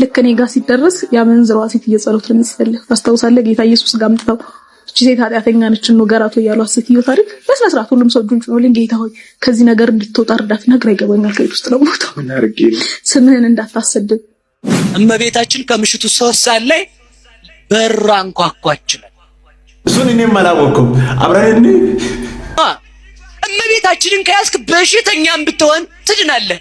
ልክ እኔ ጋር ሲደረስ ያመንዝሯ ሴት እየጸሎት ለምትጸልፍ ታስታውሳለህ? ጌታ ኢየሱስ ጋር አምጥተው እቺ ሴት ኃጢአተኛ ነች ነው እንውገራት ያሏት ሴትዮ ታሪክ በስነ ስርዓት ሁሉም ሰው እጁን ጭኖልኝ ጌታ ሆይ ከዚህ ነገር እንድትወጣ እርዳት፣ ነገር ይገባኛል ከቤት ውስጥ ነው ቦታ ስምህን እንዳታሰድብ። እመቤታችን ከምሽቱ ሶስት ሰዓት ላይ በር አንኳኳችላል። እሱን እኔም አላወቅኩም። አብረን እመቤታችንን ከያዝክ በሽተኛም ብትሆን ትድናለህ።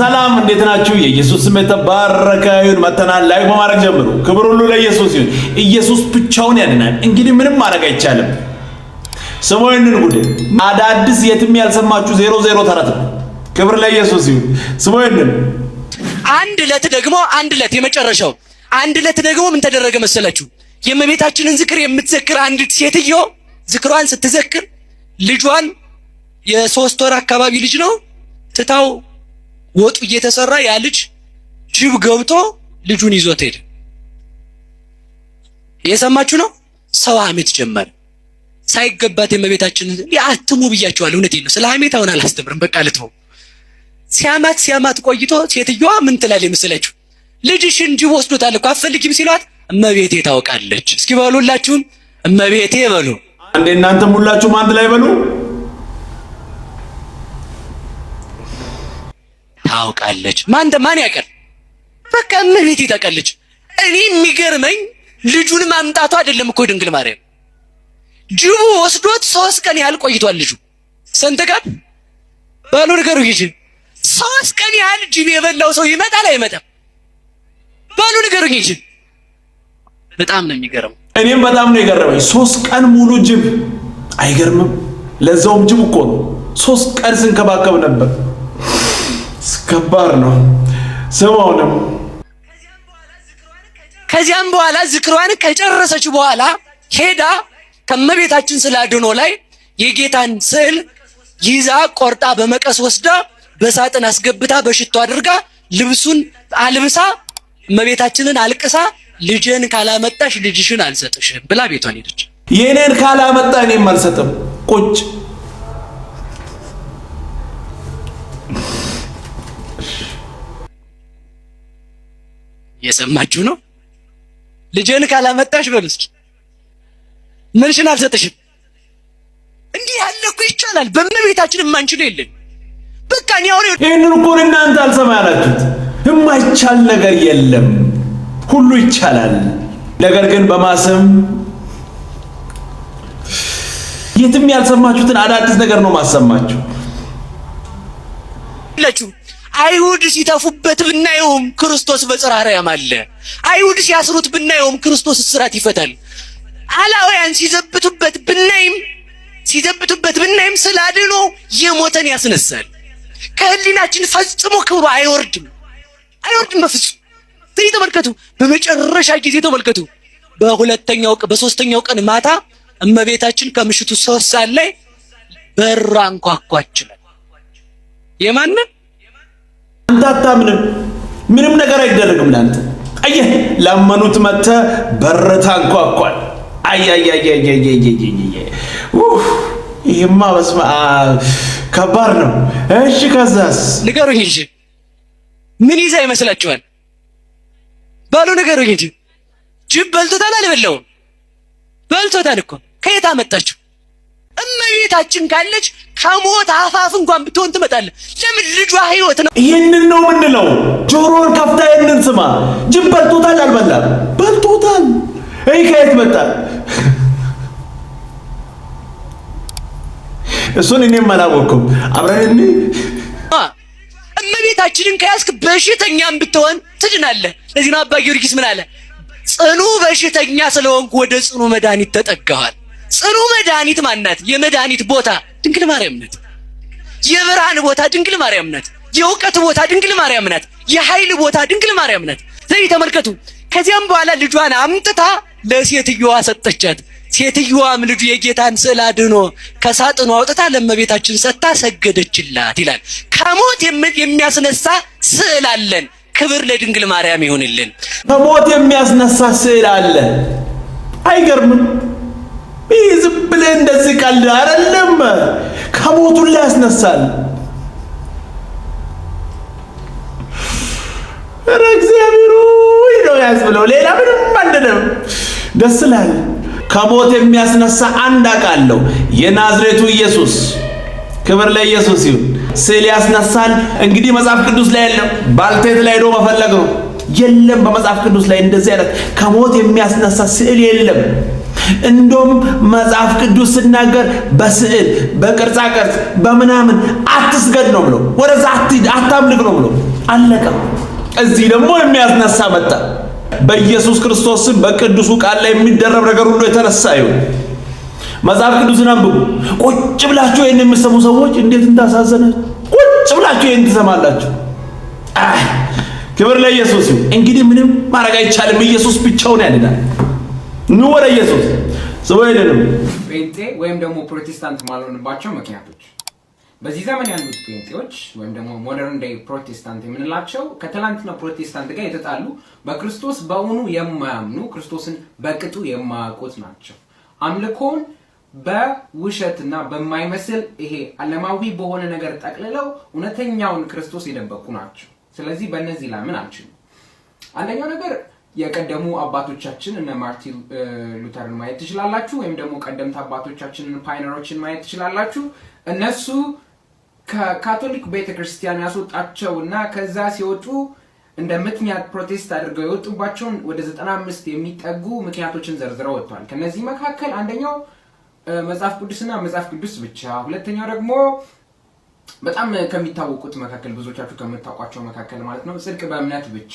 ሰላም እንዴት ናችሁ? የኢየሱስ ስም የተባረከ ይሁን። መተናል ላይ በማድረግ ጀምሩ። ክብር ሁሉ ለኢየሱስ ይሁን። ኢየሱስ ብቻውን ያድናል። እንግዲህ ምንም ማድረግ አይቻልም። ስሞይንን ጉድ አዳዲስ የትም ያልሰማችሁ ዜሮ ዜሮ ተረት ነው። ክብር ለኢየሱስ ይሁን። ስሞይንን አንድ ዕለት ደግሞ አንድ ዕለት የመጨረሻው አንድ ዕለት ደግሞ ምን ተደረገ መሰላችሁ? የእመቤታችንን ዝክር የምትዘክር አንዲት ሴትዮ ዝክሯን ስትዘክር ልጇን የሶስት ወር አካባቢ ልጅ ነው ትታው ወጡ እየተሰራ ያ ልጅ ጅብ ገብቶ ልጁን ይዞት ሄደ። የሰማችሁ ነው። ሰው ሐሜት ጀመረ። ሳይገባት የመቤታችን አትሙ ብያቸዋለሁ። እውነቴን ነው። ስለ ሐሜት አሁን አላስተምርም። በቃ ልትበው። ሲያማት ሲያማት ቆይቶ ሴትዮዋ ምን ትላለች መሰላችሁ? ልጅሽን ጅብ ወስዶታል እኮ አትፈልጊም ሲሏት እመቤቴ ታውቃለች። እስኪ በሉላችሁም እመቤቴ በሉ አንዴ እናንተም ሁላችሁም አንድ ላይ በሉ። ታውቃለች። ማን ማን ያቀር በቃ እመቤቴ ታውቃለች። እኔ የሚገርመኝ ልጁን ማምጣቱ አይደለም እኮ ድንግል ማርያም ጅቡ ወስዶት ሶስት ቀን ያህል ቆይቷል። ልጁ ስንት ቀን ባሉ ነገሩ ይጂ ሶስት ቀን ያህል ጅብ የበላው ሰው ይመጣል አይመጣም? ባሉ ነገሩ ይጂ በጣም ነው የሚገርመው። እኔም በጣም ነው የገረመኝ። ሶስት ቀን ሙሉ ጅብ አይገርምም? ለዛውም ጅብ እኮ ነው። ሶስት ቀን ስንከባከብ ነበር። ከባድ ነው። ስማው ከዚያም በኋላ ዝክሯን ከጨረሰች በኋላ ሄዳ ከመቤታችን ስለ ላይ የጌታን ስዕል ይዛ ቆርጣ በመቀስ ወስዳ በሳጥን አስገብታ በሽቶ አድርጋ ልብሱን አልብሳ እመቤታችንን አልቅሳ ልጅን ካላመጣሽ ልጅሽን አልሰጥሽም ብላ ቤቷን ሄደች። የኔን ካላመጣ እኔም አልሰጥም ቁጭ የሰማችሁ ነው። ልጅን ካላመጣሽ በሉ እስኪ ምንሽን አልሰጥሽም። እንዲህ ያለ እኮ ይቻላል። በእመቤታችን የማንችለው የለን። በቃ እኔ አሁን ይህንን እኮ እናንተ አልሰማ ያላችሁት የማይቻል ነገር የለም፣ ሁሉ ይቻላል። ነገር ግን በማሰም የትም ያልሰማችሁትን አዳዲስ ነገር ነው ማሰማችሁ። አይሁድ ሲተፉበት ብናየውም ክርስቶስ በጽርሐ አለ። አይሁድ ሲያስሩት ብናየውም ክርስቶስ እስራት ይፈታል። አላውያን ሲዘብቱበት ብናይም ሲዘብቱበት ብናይም ስላድኖ የሞተን ያስነሳል። ከህሊናችን ፈጽሞ ክብሩ አይወርድም አይወርድም በፍጹም። ትይ ተመልከቱ፣ በመጨረሻ ጊዜ ተመልከቱ። በሁለተኛው በሶስተኛው ቀን ማታ እመቤታችን ከምሽቱ ሶስት ሰዓት ላይ በራንኳኳችላል የማንን አንተ አታምንም፣ ምንም ነገር አይደረግም ለአንተ። አየህ ላመኑት መጥተ በር ታንኳኳል። ይህማ በስመ አብ ከባድ ነው። እሺ ከዛስ ንገሩኝ እንጂ ምን ይዛ ይመስላችኋል? ባሉ ንገሩኝ እንጂ ጅብ በልቶታል። አልበላውም፣ በልቶታል እኮ ከየት አመጣችሁ? እመቤታችን ካለች ከሞት አፋፍ እንኳን ብትሆን ትመጣለ። ለምን ልጇ ህይወት ነው። ይህንን ነው ምንለው። ጆሮን ከፍታ ይህንን ስማ። ጅብ በልቶታል፣ አልበላም፣ በልቶታል። ይህ ከየት መጣ? እሱን እኔም አላወቅኩም። አብረን እኔ እመቤታችንን ከያዝክ በሽተኛም ብትሆን ትድናለህ። ለዚህ ነው አባ ጊዮርጊስ ምን አለ? ጽኑ በሽተኛ ስለሆንኩ ወደ ጽኑ መድኃኒት ተጠጋኋል። ጽኑ መድኃኒት ማነት? የመድኃኒት ቦታ ድንግል ማርያም ናት። የብርሃን ቦታ ድንግል ማርያም ናት። የእውቀት ቦታ ድንግል ማርያም ናት። የኃይል ቦታ ድንግል ማርያም ናት። ዘይ ተመልከቱ። ከዚያም በኋላ ልጇን አምጥታ ለሴትዮዋ ሰጠቻት። ሴትየዋም ልጁ የጌታን ስዕል አድኖ ከሳጥኑ አውጥታ ለመቤታችን ሰጥታ ሰገደችላት ይላል። ከሞት የሚያስነሳ ስዕል አለን። ክብር ለድንግል ማርያም ይሁንልን። ከሞት የሚያስነሳ ስዕል አለን። አይገርምም? ይህ ዝም ብለህ እንደዚህ ቀልድ አይደለም፣ ከሞቱን ላይ ያስነሳል። ኧረ እግዚአብሔር ወይ ነው ያስብለው። ሌላ ምንም አንድንም ደስ ላል ከሞት የሚያስነሳ አንድ አውቃለሁ፣ የናዝሬቱ ኢየሱስ። ክብር ለኢየሱስ ይሁን። ስዕል ያስነሳል። እንግዲህ መጽሐፍ ቅዱስ ላይ የለም፣ ባልቴት ላይ ሄዶ መፈለግ ነው። የለም፣ በመጽሐፍ ቅዱስ ላይ እንደዚህ አይነት ከሞት የሚያስነሳ ስዕል የለም። እንዶም መጽሐፍ ቅዱስ ስናገር በስዕል በቅርጻ ቅርጽ በምናምን አትስገድ ነው ብሎ ወደዛ አታምልክ ነው ብሎ አለቀ። እዚህ ደግሞ የሚያስነሳ መጣ። በኢየሱስ ክርስቶስ በቅዱሱ ቃል ላይ የሚደረብ ነገር ሁሉ የተነሳ ይሁን። መጽሐፍ ቅዱስን አንብቡ። ቁጭ ብላችሁ ይህን የምሰሙ ሰዎች እንዴት እንዳሳዘነ ቁጭ ብላችሁ ይህን ትሰማላችሁ። ክብር ለኢየሱስ ይሁን። እንግዲህ ምንም ማድረግ አይቻልም። ኢየሱስ ብቻውን ያድናል። ኑ ወደ ኢየሱስ ስቦ አይደለም ጴንጤ ወይም ደግሞ ፕሮቴስታንት ማልሆንባቸው ምክንያቶች በዚህ ዘመን ያሉት ጴንጤዎች ወይም ደግሞ ሞደርን ዴይ ፕሮቴስታንት የምንላቸው ከትላንትና ፕሮቴስታንት ጋር የተጣሉ በክርስቶስ በእውኑ የማያምኑ ክርስቶስን በቅጡ የማያውቁት ናቸው። አምልኮን በውሸትና በማይመስል ይሄ አለማዊ በሆነ ነገር ጠቅልለው እውነተኛውን ክርስቶስ የደበቁ ናቸው። ስለዚህ በእነዚህ ላምን አልችልም። አንደኛው ነገር የቀደሙ አባቶቻችን እነ ማርቲን ሉተርን ማየት ትችላላችሁ። ወይም ደግሞ ቀደምት አባቶቻችንን ፓይነሮችን ማየት ትችላላችሁ። እነሱ ከካቶሊክ ቤተክርስቲያን ያስወጣቸው እና ከዛ ሲወጡ እንደ ምክንያት ፕሮቴስት አድርገው የወጡባቸውን ወደ 95 የሚጠጉ ምክንያቶችን ዘርዝረው ወጥቷል። ከነዚህ መካከል አንደኛው መጽሐፍ ቅዱስና መጽሐፍ ቅዱስ ብቻ፣ ሁለተኛው ደግሞ በጣም ከሚታወቁት መካከል ብዙዎቻችሁ ከምታውቋቸው መካከል ማለት ነው ጽድቅ በእምነት ብቻ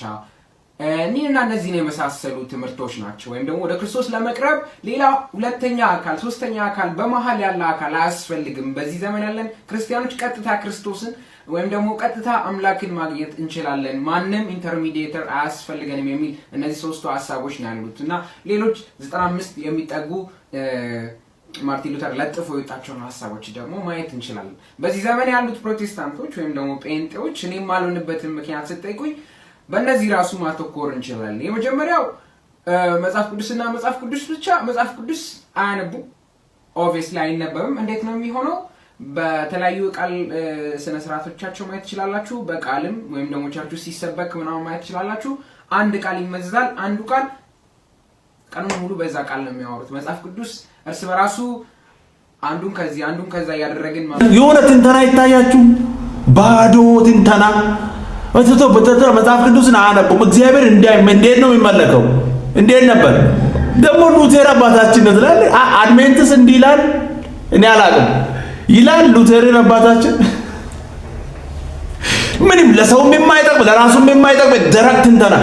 እኒህና እነዚህን የመሳሰሉ ትምህርቶች ናቸው። ወይም ደግሞ ወደ ክርስቶስ ለመቅረብ ሌላ ሁለተኛ አካል፣ ሶስተኛ አካል፣ በመሀል ያለ አካል አያስፈልግም። በዚህ ዘመን ያለን ክርስቲያኖች ቀጥታ ክርስቶስን ወይም ደግሞ ቀጥታ አምላክን ማግኘት እንችላለን። ማንም ኢንተርሚዲየተር አያስፈልገንም የሚል እነዚህ ሶስቱ ሀሳቦች ነው ያሉት እና ሌሎች አምስት የሚጠጉ ማርቲን ሉተር ለጥፎ የወጣቸውን ሀሳቦች ደግሞ ማየት እንችላለን። በዚህ ዘመን ያሉት ፕሮቴስታንቶች ወይም ደግሞ ጴንጤዎች እኔም አልሆንበትን ምክንያት ስጠይቁኝ በእነዚህ ራሱ ማተኮር እንችላለን። የመጀመሪያው መጽሐፍ ቅዱስና መጽሐፍ ቅዱስ ብቻ። መጽሐፍ ቅዱስ አያነቡም፣ ላይ አይነበብም። እንዴት ነው የሚሆነው? በተለያዩ ቃል ስነ ስርዓቶቻቸው ማየት ትችላላችሁ። በቃልም ወይም ደግሞ ቸርቹ ሲሰበክ ምናምን ማየት ትችላላችሁ። አንድ ቃል ይመዘዛል። አንዱ ቃል ቀኑን ሙሉ በዛ ቃል ነው የሚያወሩት። መጽሐፍ ቅዱስ እርስ በራሱ አንዱን ከዚህ አንዱን ከዛ እያደረግን የሆነ ትንተና ይታያችሁ፣ ባዶ ትንተና በትቶ በተተ መጽሐፍ ቅዱስን አያነቁም። እግዚአብሔር እንዲያይ እንዴት ነው የሚመለከው? እንዴት ነበር ደግሞ ሉቴር አባታችን ነው ትላል። አድቬንትስ እንዲህ ይላል፣ እኔ አላቅም ይላል። ሉቴርን አባታችን ምንም ለሰውም የማይጠቅም ለራሱም የማይጠቅም ደረቅ ትንተና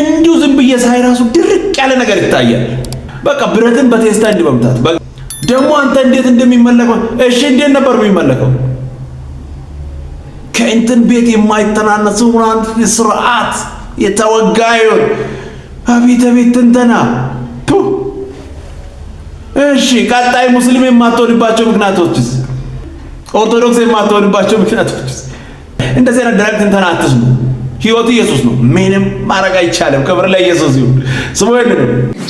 እንዲሁ ዝም ብዬ ሳይ ራሱ ድርቅ ያለ ነገር ይታያል። በቃ ብረትን በቴስታ እንዲህ መምታት ደግሞ አንተ እንዴት እንደሚመለከው እሺ፣ እንዴት ነበር የሚመለከው? ከእንትን ቤት የማይተናነሱ ምናምን ስርዓት የተወጋዩን አቤት አቤት ትንተና። እሺ ቀጣይ ሙስሊም የማትሆንባቸው ምክንያቶችስ? ኦርቶዶክስ የማትሆንባቸው ምክንያቶችስ? እንደዚህ አይነት ደረቅ ትንተና አትስሙ። ህይወቱ ኢየሱስ ነው። ምንም ማድረግ አይቻልም። ክብር ለኢየሱስ ይሁን። ስሙ ይሁን።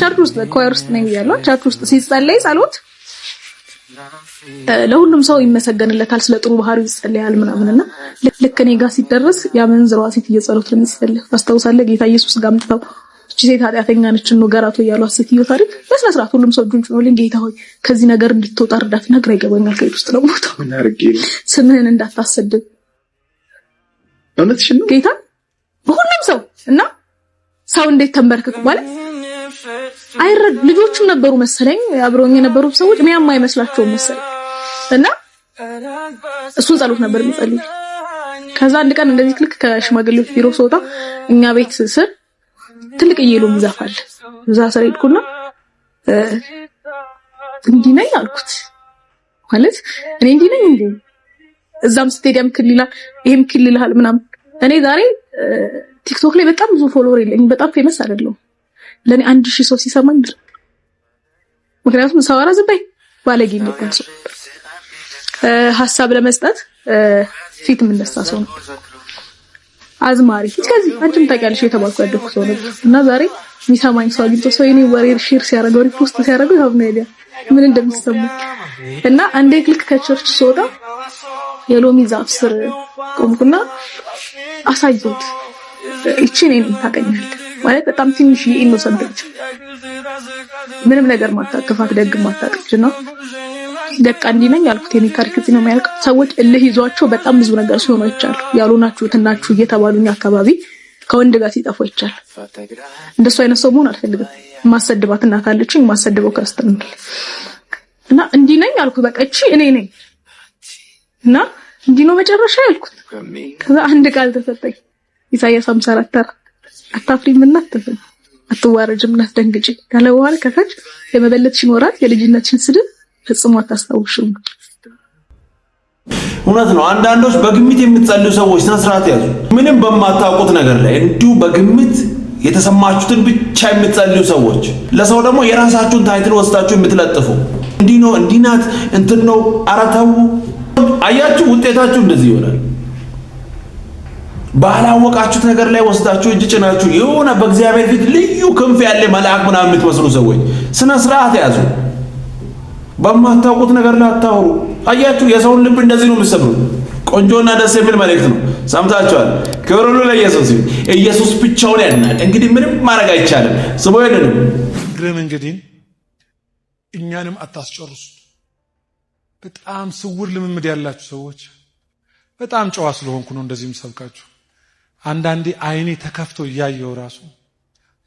ቸርች ውስጥ ኮየር ውስጥ ነኝ እያለሁ ቸርች ውስጥ ሲጸለይ ጸሎት ለሁሉም ሰው ይመሰገንለታል፣ ስለ ጥሩ ባህሪ ይጸለያል ምናምን እና ልክ እኔ ጋር ሲደረስ ያመንዝሯ ሴት እየጸሎት ለሚጸልህ ታስታውሳለህ። ጌታ ኢየሱስ ጋር ምጥተው እቺ ሴት ኃጢአተኛ ነች ነው እንወገራት ያሏት ሴትዮ ታሪክ በስነ ስርዓት ሁሉም ሰው እጁን ጭኖልኝ ጌታ ሆይ ከዚህ ነገር እንድትወጣ እርዳት፣ ነግራ ይገባኛል ከቤት ውስጥ ነው ለሞታ ስምህን እንዳታሰድብ ጌታ በሁሉም ሰው እና ሰው እንዴት ተንበርክክ ማለት አይረድ ልጆቹም ነበሩ መሰለኝ አብረውኝ የነበሩ ሰዎች ሚያማ አይመስላቸውም መሰለኝ እና እሱን ጸሎት ነበር የሚጸልዩ። ከዛ አንድ ቀን እንደዚህ ክልክ ከሽማግሌዎች ቢሮ ስወጣ እኛ ቤት ስር ትልቅ እየሉ ምዛፋል አለ። እዛ ስር ሄድኩና እንዲህ ነኝ አልኩት። ማለት እኔ እንዲህ ነኝ እንዴ? እዛም ስትሄድ ያም ክል ይላል፣ ይሄም ክል ይልሃል ምናምን። እኔ ዛሬ ቲክቶክ ላይ በጣም ብዙ ፎሎወር የለኝ፣ በጣም ፌመስ አይደለሁም ለእኔ አንድ ሺህ ሰው ሲሰማኝ ድር ምክንያቱም ሰዋራ ዝም በይ ባለጌ የሚባል ሰው ሀሳብ ለመስጠት ፊት የምነሳ ሰው ነው። አዝማሪ ፊት ከዚህ አንቺም ታውቂያለሽ የተባልኩ ያደኩ ሰው ነበር እና ዛሬ የሚሰማኝ ሰው አግኝቶ ሰው የኔ ወሬ ሼር ሲያደርገው ሪፖስት ሲያደርገው ይኸው ነው ያለው ምን እንደሚሰማኝ እና አንዴ ክልክ ከቸርች ስወጣ የሎሚ ዛፍ ስር ቆምኩና አሳየሁት። እቺ እኔን ታውቀኛለህ ማለት በጣም ትንሽ ኢኖሰንት ነች። ምንም ነገር ማታቅፋት ደግ ማታቅፍች ነው። ደቃ እንዲህ ነኝ አልኩት። የኔ ታሪክ ነው የሚያልቅ። ሰዎች እልህ ይዟቸው በጣም ብዙ ነገር ሲሆኑ ይቻሉ ያልሆናችሁት እናችሁ እየተባሉኝ አካባቢ ከወንድ ጋር ሲጠፉ ይቻል። እንደሱ አይነት ሰው መሆን አልፈልግም። የማሰድባት እናት አለችኝ። የማሰድበው ክርስትና እና እንዲህ ነኝ አልኩት። በቃ እቺ እኔ ነኝ እና እንዲህ ነው መጨረሻ ያልኩት። ከዛ አንድ ቃል ተሰጠኝ ኢሳያስ 54 ተራ አታፍሪም እና አትፍም፣ አትዋረጅም እና አትደንግጭ ካለ በኋላ ከታች የመበለትሽ ይኖራል የልጅነትሽን ስድብ ፈጽሞ አታስታውሽም። እውነት ነው። አንዳንዶች በግምት የምትጸልዩ ሰዎች ስነ ስርዓት ያዙ። ምንም በማታውቁት ነገር ላይ እንዲሁ በግምት የተሰማችሁትን ብቻ የምትጸልዩ ሰዎች፣ ለሰው ደግሞ የራሳችሁን ታይትል ወስዳችሁ የምትለጥፉ እንዲህ ነው እንዲህ ናት እንትን ነው አረተው አያችሁ፣ ውጤታችሁ እንደዚህ ይሆናል። ባላወቃችሁት ነገር ላይ ወስዳችሁ እጅ ጭናችሁ የሆነ በእግዚአብሔር ፊት ልዩ ክንፍ ያለ መልአክ ምናምን የምትመስሉ ሰዎች ስነ ስርዓት ያዙ። በማታውቁት ነገር ላይ አታውሩ። አያችሁ፣ የሰውን ልብ እንደዚህ ነው የምትሰብሩት። ቆንጆና ደስ የሚል መልእክት ነው። ሰምታችኋል። ክብር ሁሉ ለኢየሱስ ይሁን። ኢየሱስ ብቻውን ያድናል። እንግዲህ ምንም ማድረግ አይቻልም። ስቦ ይደሉ ግረም እንግዲህ እኛንም አታስጨርሱ። በጣም ስውር ልምምድ ያላችሁ ሰዎች በጣም ጨዋ ስለሆንኩ ነው እንደዚህ የምሰብካችሁ። አንዳንዴ አይኔ ተከፍቶ እያየው ራሱ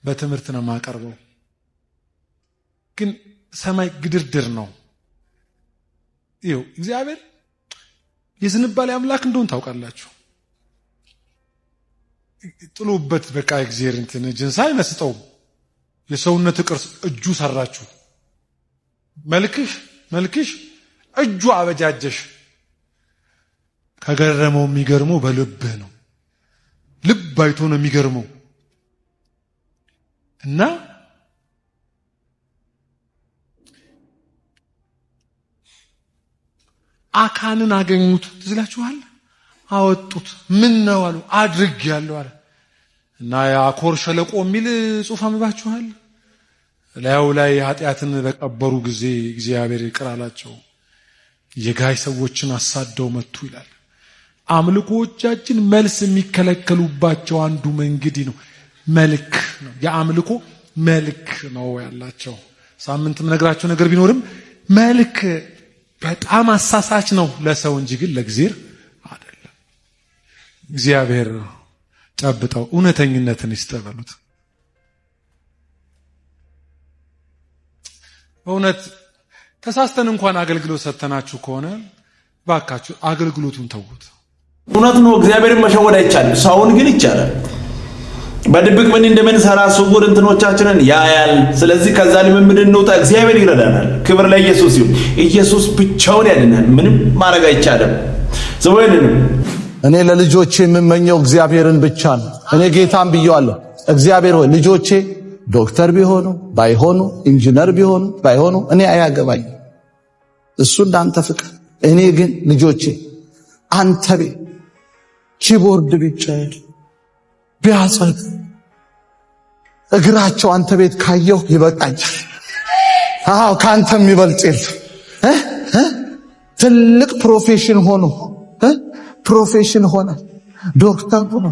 በትምህርት ነው የማቀርበው። ግን ሰማይ ግድርድር ነው። ይኸው እግዚአብሔር የዝንባሌ አምላክ እንደሆን ታውቃላችሁ። ጥሉበት በቃ እግዚአብሔር እንትን ጅንሳ አይመስጠውም። የሰውነት ቅርስ እጁ ሰራችሁ፣ መልክሽ መልክሽ እጁ አበጃጀሽ። ከገረመው የሚገርመው በልብህ ነው ልብ አይቶ ነው የሚገርመው። እና አካንን አገኙት ትዝላችኋል። አወጡት። ምን ነው አሉ። አድርግ ያለው አለ እና የአኮር ሸለቆ የሚል ጽሑፍ አምባችኋል ላዩ ላይ ኃጢአትን በቀበሩ ጊዜ እግዚአብሔር ይቅር አላቸው። የጋይ ሰዎችን አሳደው መቱ ይላል። አምልኮዎቻችን መልስ የሚከለከሉባቸው አንዱ መንገድ ነው። መልክ ነው የአምልኮ መልክ ነው ያላቸው። ሳምንት ምነግራቸው ነገር ቢኖርም መልክ በጣም አሳሳች ነው ለሰው እንጂ ግን ለእግዚአብሔር አይደለም። እግዚአብሔር ጨብጠው እውነተኝነትን ይስጠበሉት። በእውነት ተሳስተን እንኳን አገልግሎት ሰተናችሁ ከሆነ ባካችሁ አገልግሎቱን ተውት እውነት ነው። እግዚአብሔርን መሸወድ አይቻልም፣ ሰውን ግን ይቻላል። በድብቅ ምን እንደምንሰራ ስውር እንትኖቻችንን ያያል። ስለዚህ ከዛ ልምምድ እንውጣ፣ እግዚአብሔር ይረዳናል። ክብር ለኢየሱስ ይሁን። ኢየሱስ ብቻውን ያድናል፣ ምንም ማድረግ አይቻልም። ዘወይንንም እኔ ለልጆቼ የምመኘው እግዚአብሔርን ብቻ ነው። እኔ ጌታም ብየዋለሁ፣ እግዚአብሔር ሆይ ልጆቼ ዶክተር ቢሆኑ ባይሆኑ፣ ኢንጂነር ቢሆኑ ባይሆኑ፣ እኔ አያገባኝ፣ እሱ እንዳንተ ፍቅር። እኔ ግን ልጆቼ አንተ ቤት ኪቦርድ ቢጫል ቢያጸድ እግራቸው አንተ ቤት ካየሁ ይበቃኛል። አዎ ከአንተም ይበልጥ የለ። ትልቅ ፕሮፌሽን ሆኖ ፕሮፌሽን ሆነ ዶክተር ሆኖ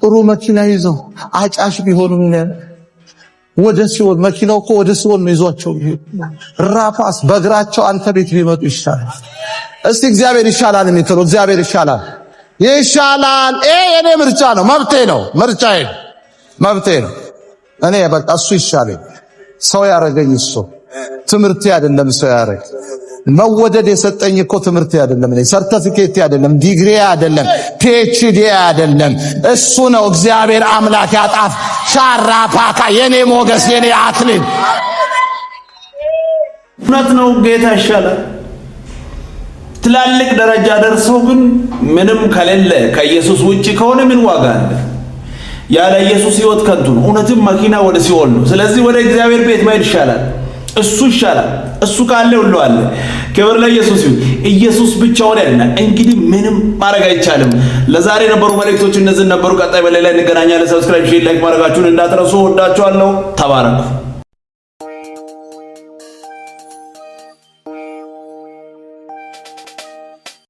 ጥሩ መኪና ይዘው አጫሽ ቢሆኑ ወደ ሲሆን መኪናው እኮ ወደ ሲሆን ነው ይዟቸው ራፋስ በእግራቸው አንተ ቤት ቢመጡ ይሻላል። እስቲ እግዚአብሔር ይሻላል የሚትለው እግዚአብሔር ይሻላል ይሻላል። ይሄ የኔ ምርጫ ነው፣ መብቴ ነው፣ ምርጫዬ መብቴ ነው። እኔ በቃ እሱ ይሻለኝ። ሰው ያረገኝ እሱ ትምህርቴ አይደለም። ሰው ያረግ መወደድ የሰጠኝ እኮ ትምህርት አይደለም፣ እኔ ሰርተፊኬት አይደለም፣ ዲግሪ አይደለም፣ ፒኤችዲ አይደለም። እሱ ነው እግዚአብሔር አምላክ ያጣፍ ሻራ ፓካ የኔ ሞገስ የኔ አትሌት እውነት ነው። ጌታ ይሻላል። ትላልቅ ደረጃ ደርሰው ግን ምንም ከሌለ ከኢየሱስ ውጭ ከሆነ ምን ዋጋ አለ? ያለ ኢየሱስ ህይወት ከንቱ ነው። እውነትም መኪና ወደ ሲኦል ነው። ስለዚህ ወደ እግዚአብሔር ቤት መሄድ ይሻላል። እሱ ይሻላል። እሱ ካለ ሁሉ አለ። ክብር ለኢየሱስ ይሁን። ኢየሱስ ብቻውን ያለና እንግዲህ ምንም ማድረግ አይቻልም። ለዛሬ የነበሩ መልእክቶች እነዚህ ነበሩ። ቀጣይ በሌላ እንገናኛለን። ሰብስክራይብ፣ ሼር፣ ላይክ ማድረጋችሁን እንዳትረሱ። ወዳችኋለሁ። ተባረኩ።